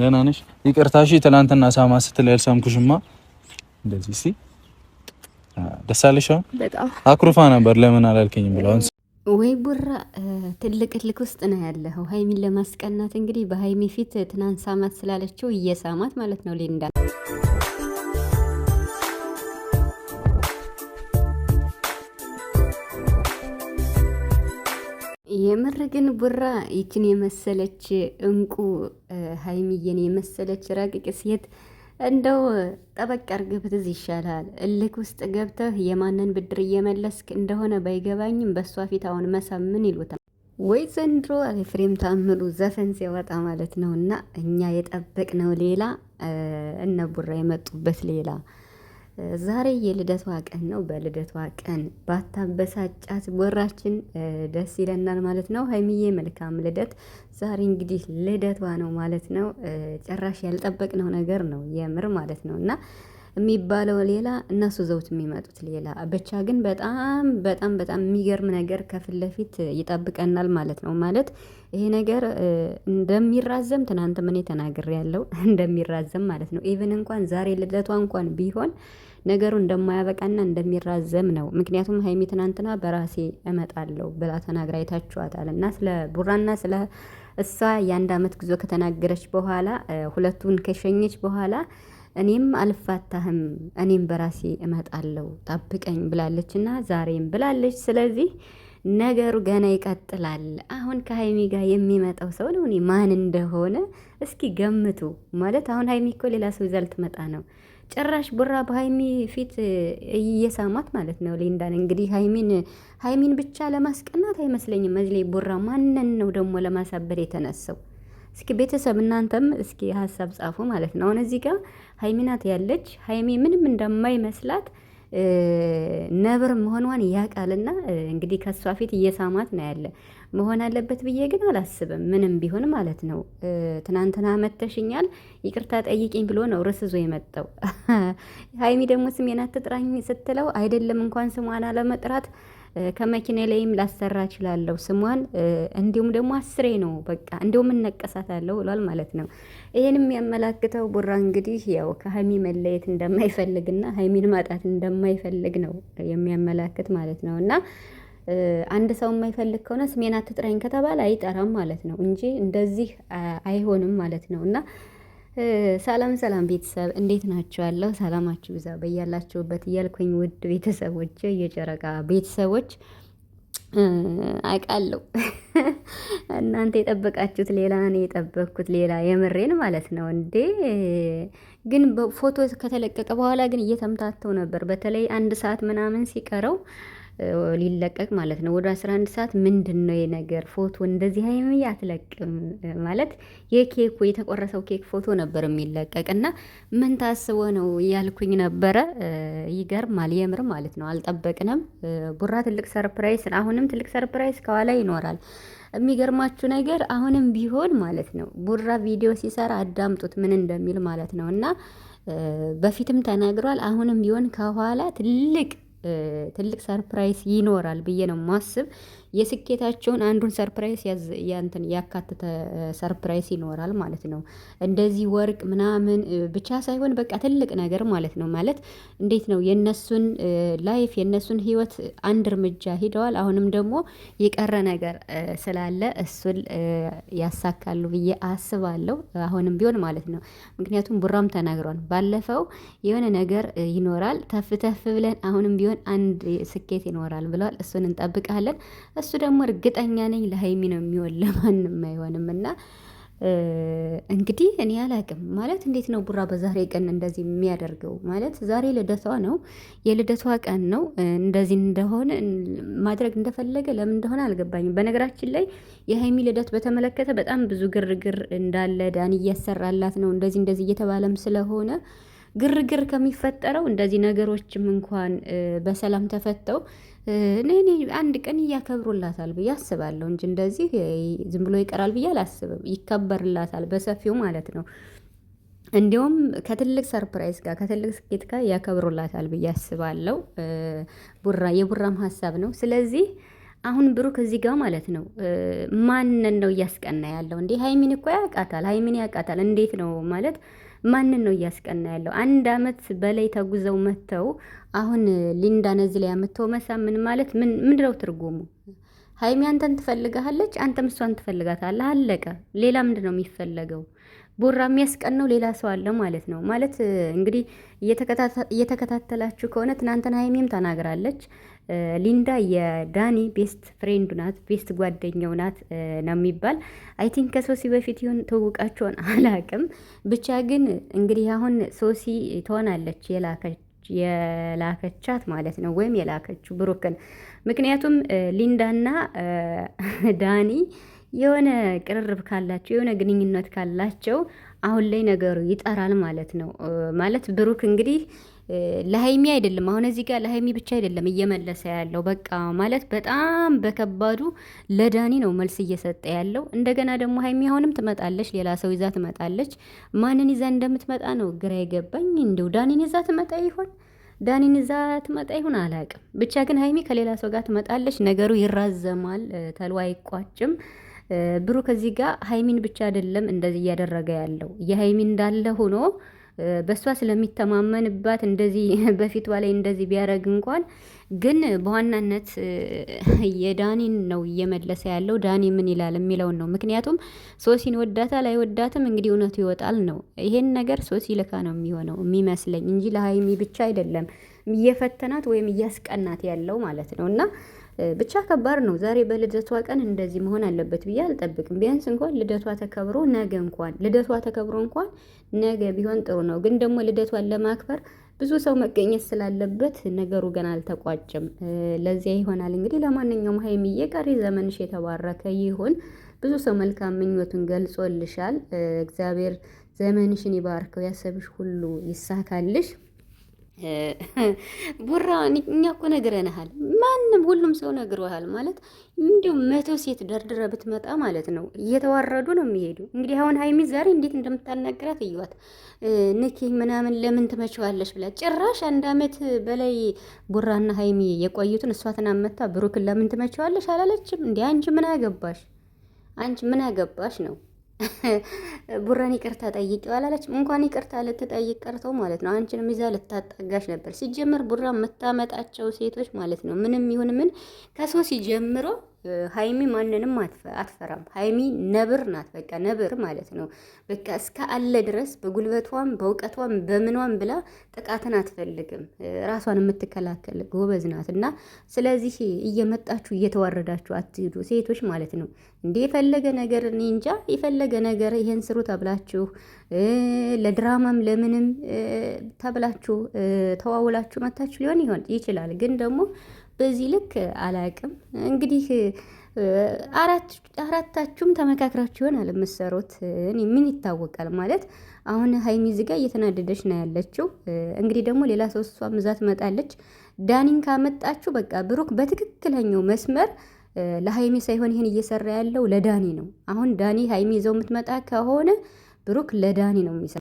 ደህና ነሽ? ይቅርታ እሺ። ትናንትና ሳማ ስትል ያልሰምኩሽማ እንደዚህ እስኪ ደስ አለሽ? አኩርፋ ነበር ለምን አላልከኝም ብለው ወይ ቡራ ትልቅ ልክ ውስጥ ነው ያለው። ሀይሚን ለማስቀናት እንግዲህ በሀይሚ ፊት ትናንት ሳማት ስላለችው እየሳማት ማለት ነው ሌንዳ የምር ግን ቡራ ይችን የመሰለች እንቁ ሀይሚዬን የመሰለች ረቂቅ ሴት እንደው ጠበቅ አድርገህ ብትዝ ይሻላል። እልክ ውስጥ ገብተህ የማንን ብድር እየመለስክ እንደሆነ ባይገባኝም በእሷ ፊት አሁን መሳም ምን ይሉታል ወይ ዘንድሮ ኤፍሬም ታምሩ ዘፈን ሲያወጣ ማለት ነው። እና እኛ የጠበቅነው ሌላ እነ ቡራ የመጡበት ሌላ ዛሬ የልደቷ ቀን ነው። በልደቷ ቀን ባታበሳጫት ወራችን ደስ ይለናል ማለት ነው። ሀይሚዬ መልካም ልደት። ዛሬ እንግዲህ ልደቷ ነው ማለት ነው። ጭራሽ ያልጠበቅነው ነገር ነው የምር ማለት ነው እና የሚባለው ሌላ፣ እነሱ ዘውት የሚመጡት ሌላ። ብቻ ግን በጣም በጣም በጣም የሚገርም ነገር ከፊት ለፊት ይጠብቀናል ማለት ነው። ማለት ይሄ ነገር እንደሚራዘም ትናንት ምን ተናግሬ ያለው እንደሚራዘም ማለት ነው። ኢቭን እንኳን ዛሬ ልደቷ እንኳን ቢሆን ነገሩ እንደማያበቃና እንደሚራዘም ነው። ምክንያቱም ሀይሚ ትናንትና በራሴ እመጣለሁ ብላ ተናግራ አይታችኋታል። እና ስለ ቡራና ስለ እሷ የአንድ አመት ጉዞ ከተናገረች በኋላ ሁለቱን ከሸኘች በኋላ እኔም አልፋታህም እኔም በራሴ እመጣለሁ ጠብቀኝ ብላለችና ዛሬም ብላለች። ስለዚህ ነገሩ ገና ይቀጥላል። አሁን ከሀይሚ ጋር የሚመጣው ሰው ነው እኔ ማን እንደሆነ እስኪ ገምቱ። ማለት አሁን ሀይሚ እኮ ሌላ ሰው ይዛ ልትመጣ ነው። ጭራሽ ቡራ በሀይሚ ፊት እየሳማት ማለት ነው። ሊንዳን እንግዲህ ሀይሚን ሀይሚን ብቻ ለማስቀናት አይመስለኝም። መዝሌ ቡራ ማንን ነው ደግሞ ለማሳበድ የተነሳው? እስኪ ቤተሰብ እናንተም እስኪ ሀሳብ ጻፉ ማለት ነው። አሁን እዚህ ጋር ያለች ሀይሚ ምንም እንደማይመስላት ነብር መሆኗን ያውቃልና እንግዲህ ከእሷ ፊት እየሳማት ነው ያለ መሆን አለበት ብዬ ግን አላስብም። ምንም ቢሆን ማለት ነው። ትናንትና መተሽኛል ይቅርታ ጠይቂኝ ብሎ ነው ርስ ዞ የመጣው። ሀይሚ ደግሞ ስሜን አትጥራኝ ስትለው አይደለም እንኳን ስሟን አለመጥራት ከመኪና ላይም ላሰራ እችላለሁ ስሟን። እንዲሁም ደግሞ አስሬ ነው በቃ እንዲሁም እነቀሳታለሁ ብሏል ማለት ነው። ይህንም የሚያመላክተው ቡራ እንግዲህ ያው ከሀሚ መለየት እንደማይፈልግና ሀሚን ማጣት እንደማይፈልግ ነው የሚያመላክት ማለት ነው እና አንድ ሰው የማይፈልግ ከሆነ ስሜን አትጥራኝ ከተባለ አይጠራም ማለት ነው እንጂ እንደዚህ አይሆንም ማለት ነው እና ሰላም ሰላም ቤተሰብ እንዴት አለው ሰላማችሁ ብዛ በያላችሁበት እያልኩኝ ውድ ቤተሰቦች የጨረቃ ቤተሰቦች አውቃለሁ እናንተ የጠበቃችሁት ሌላ፣ እኔ የጠበቅኩት ሌላ። የምሬን ማለት ነው እንዴ። ግን ፎቶ ከተለቀቀ በኋላ ግን እየተምታተው ነበር። በተለይ አንድ ሰዓት ምናምን ሲቀረው ሊለቀቅ ማለት ነው። ወደ 11 ሰዓት ምንድን ነው የነገር ፎቶ እንደዚህ አይም አትለቅም ማለት የኬኩ የተቆረሰው ኬክ ፎቶ ነበር የሚለቀቅ እና ምን ታስቦ ነው ያልኩኝ ነበረ። ይገርማል የምር ማለት ነው። አልጠበቅንም። ቡራ ትልቅ ሰርፕራይስ፣ አሁንም ትልቅ ሰርፕራይስ ከኋላ ይኖራል። የሚገርማችሁ ነገር አሁንም ቢሆን ማለት ነው ቡራ ቪዲዮ ሲሰራ አዳምጡት ምን እንደሚል ማለት ነው እና በፊትም ተናግሯል። አሁንም ቢሆን ከኋላ ትልቅ ትልቅ ሰርፕራይዝ ይኖራል ብዬ ነው ማስብ። የስኬታቸውን አንዱን ሰርፕራይዝ ያንትን ያካተተ ሰርፕራይዝ ይኖራል ማለት ነው። እንደዚህ ወርቅ ምናምን ብቻ ሳይሆን በቃ ትልቅ ነገር ማለት ነው። ማለት እንዴት ነው የነሱን ላይፍ የነሱን ህይወት አንድ እርምጃ ሂደዋል። አሁንም ደግሞ የቀረ ነገር ስላለ እሱን ያሳካሉ ብዬ አስባለሁ። አሁንም ቢሆን ማለት ነው። ምክንያቱም ቡራም ተናግሯል ባለፈው የሆነ ነገር ይኖራል ተፍተፍ ብለን አሁንም ቢሆን ቢሆን አንድ ስኬት ይኖራል ብለዋል። እሱን እንጠብቃለን። እሱ ደግሞ እርግጠኛ ነኝ ለሀይሚ ነው የሚሆን ለማንም አይሆንም። እና እንግዲህ እኔ አላቅም ማለት እንዴት ነው ቡራ በዛሬ ቀን እንደዚህ የሚያደርገው? ማለት ዛሬ ልደቷ ነው፣ የልደቷ ቀን ነው። እንደዚህ እንደሆነ ማድረግ እንደፈለገ ለምን እንደሆነ አልገባኝም። በነገራችን ላይ የሀይሚ ልደት በተመለከተ በጣም ብዙ ግርግር እንዳለ ዳን እያሰራላት ነው እንደዚህ እንደዚህ እየተባለም ስለሆነ ግርግር ከሚፈጠረው እንደዚህ ነገሮችም እንኳን በሰላም ተፈተው እኔ አንድ ቀን እያከብሩላታል ብዬ አስባለሁ እንጂ እንደዚህ ዝም ብሎ ይቀራል ብዬ አላስብም። ይከበርላታል በሰፊው ማለት ነው። እንዲሁም ከትልቅ ሰርፕራይዝ ጋር ከትልቅ ስኬት ጋር ያከብሩላታል ብዬ አስባለሁ። ቡራ የቡራም ሀሳብ ነው። ስለዚህ አሁን ብሩክ እዚህ ጋር ማለት ነው ማንን ነው እያስቀና ያለው? እንዲህ ሀይሚን እኮ ያውቃታል፣ ሀይሚን ያውቃታል። እንዴት ነው ማለት ማንን ነው እያስቀና ያለው? አንድ አመት በላይ ተጉዘው መጥተው አሁን ሊንዳ ነዚ ላይ ያመጥተው መሳም ምን ማለት ምን ምንድነው ትርጉሙ? ሀይሚ አንተን ትፈልጋለች፣ አንተም እሷን ትፈልጋታለህ። አለቀ። ሌላ ምንድን ነው የሚፈለገው? ቦራ የሚያስቀነው ሌላ ሰው አለ ማለት ነው። ማለት እንግዲህ እየተከታተላችሁ ከሆነ ትናንትና ሀይሚም ተናግራለች። ሊንዳ የዳኒ ቤስት ፍሬንዱ ናት፣ ቤስት ጓደኛው ናት ነው የሚባል። አይ ቲንክ ከሶሲ በፊት ይሁን ትውውቃቸውን አላቅም። ብቻ ግን እንግዲህ አሁን ሶሲ ትሆናለች የላከቻት ማለት ነው፣ ወይም የላከችው ብሩክን። ምክንያቱም ሊንዳና ዳኒ የሆነ ቅርርብ ካላቸው የሆነ ግንኙነት ካላቸው አሁን ላይ ነገሩ ይጠራል ማለት ነው። ማለት ብሩክ እንግዲህ ለሀይሚ አይደለም አሁን እዚህ ጋር ለሀይሚ ብቻ አይደለም እየመለሰ ያለው። በቃ ማለት በጣም በከባዱ ለዳኒ ነው መልስ እየሰጠ ያለው። እንደገና ደግሞ ሀይሚ አሁንም ትመጣለች፣ ሌላ ሰው ይዛ ትመጣለች። ማንን ይዛ እንደምትመጣ ነው ግራ የገባኝ። እንዲሁ ዳኒን ይዛ ትመጣ ይሆን? ዳኒን ይዛ ትመጣ ይሁን አላውቅም። ብቻ ግን ሀይሚ ከሌላ ሰው ጋር ትመጣለች። ነገሩ ይራዘማል፣ ተሎ አይቋጭም። ብሩ ከዚህ ጋር ሀይሚን ብቻ አይደለም እንደዚህ እያደረገ ያለው የሀይሚ እንዳለ ሆኖ በእሷ ስለሚተማመንባት እንደዚህ በፊቷ ላይ እንደዚህ ቢያደርግ እንኳን ግን በዋናነት የዳኒን ነው እየመለሰ ያለው። ዳኒ ምን ይላል የሚለውን ነው። ምክንያቱም ሶሲን ወዳታል አይወዳትም እንግዲህ እውነቱ ይወጣል ነው። ይሄን ነገር ሶሲ ልካ ነው የሚሆነው የሚመስለኝ እንጂ ለሀይሚ ብቻ አይደለም እየፈተናት ወይም እያስቀናት ያለው ማለት ነው እና ብቻ ከባድ ነው። ዛሬ በልደቷ ቀን እንደዚህ መሆን አለበት ብዬ አልጠብቅም። ቢያንስ እንኳን ልደቷ ተከብሮ ነገ እንኳን ልደቷ ተከብሮ እንኳን ነገ ቢሆን ጥሩ ነው። ግን ደግሞ ልደቷን ለማክበር ብዙ ሰው መገኘት ስላለበት ነገሩ ገና አልተቋጭም። ለዚያ ይሆናል እንግዲህ። ለማንኛውም ሀይሚዬ ቀሪ ዘመንሽ የተባረከ ይሁን። ብዙ ሰው መልካም ምኞቱን ገልጾልሻል። እግዚአብሔር ዘመንሽን ይባርከው፣ ያሰብሽ ሁሉ ይሳካልሽ። ቡራ እኛ እኮ ነግረንሃል። ማንም ሁሉም ሰው ነግረሃል ማለት እንዲሁ መቶ ሴት ደርድረ ብትመጣ ማለት ነው እየተዋረዱ ነው የሚሄዱ። እንግዲህ አሁን ሀይሚ ዛሬ እንዴት እንደምታናግራት እዩዋት። ንኪ ምናምን ለምን ትመችዋለች ብላ ጭራሽ አንድ አመት በላይ ቡራና ሀይሚ የቆዩትን እሷትና መታ ብሩክን ለምን ትመችዋለች አላለችም። እንዲህ አንቺ ምን አገባሽ? አንቺ ምን አገባሽ ነው ቡራን ይቅርታ ጠይቂው አላለች። እንኳን ይቅርታ ልትጠይቅ ቀርቶ ማለት ነው አንቺንም ይዛ ልታጣጋሽ ነበር። ሲጀመር ቡራ የምታመጣቸው ሴቶች ማለት ነው ምንም ይሁን ምን ከሶሲ ጀምሮ ሀይሚ ማንንም አትፈራም። ሀይሚ ነብር ናት፣ በቃ ነብር ማለት ነው። በቃ እስከ አለ ድረስ በጉልበቷም በእውቀቷም በምኗም ብላ ጥቃትን አትፈልግም። ራሷን የምትከላከል ጎበዝ ናት። እና ስለዚህ እየመጣችሁ እየተዋረዳችሁ አትሂዱ ሴቶች ማለት ነው። እንደ የፈለገ ነገር እኔ እንጃ የፈለገ ነገር ይሄን ስሩ ተብላችሁ ለድራማም ለምንም ተብላችሁ ተዋውላችሁ መታችሁ ሊሆን ይሆን ይችላል ግን ደግሞ በዚህ ልክ አላቅም። እንግዲህ አራታችሁም ተመካክራችሁ ይሆናል የምትሰሩት። እኔ ምን ይታወቃል ማለት አሁን ሀይሚ ዝጋ እየተናደደች ነው ያለችው። እንግዲህ ደግሞ ሌላ ሰው እሷ ምዛ ትመጣለች። ዳኒን ካመጣችሁ በቃ ብሩክ በትክክለኛው መስመር ለሀይሚ ሳይሆን ይህን እየሰራ ያለው ለዳኒ ነው። አሁን ዳኒ ሀይሚ ይዘው የምትመጣ ከሆነ ብሩክ ለዳኒ ነው የሚሰ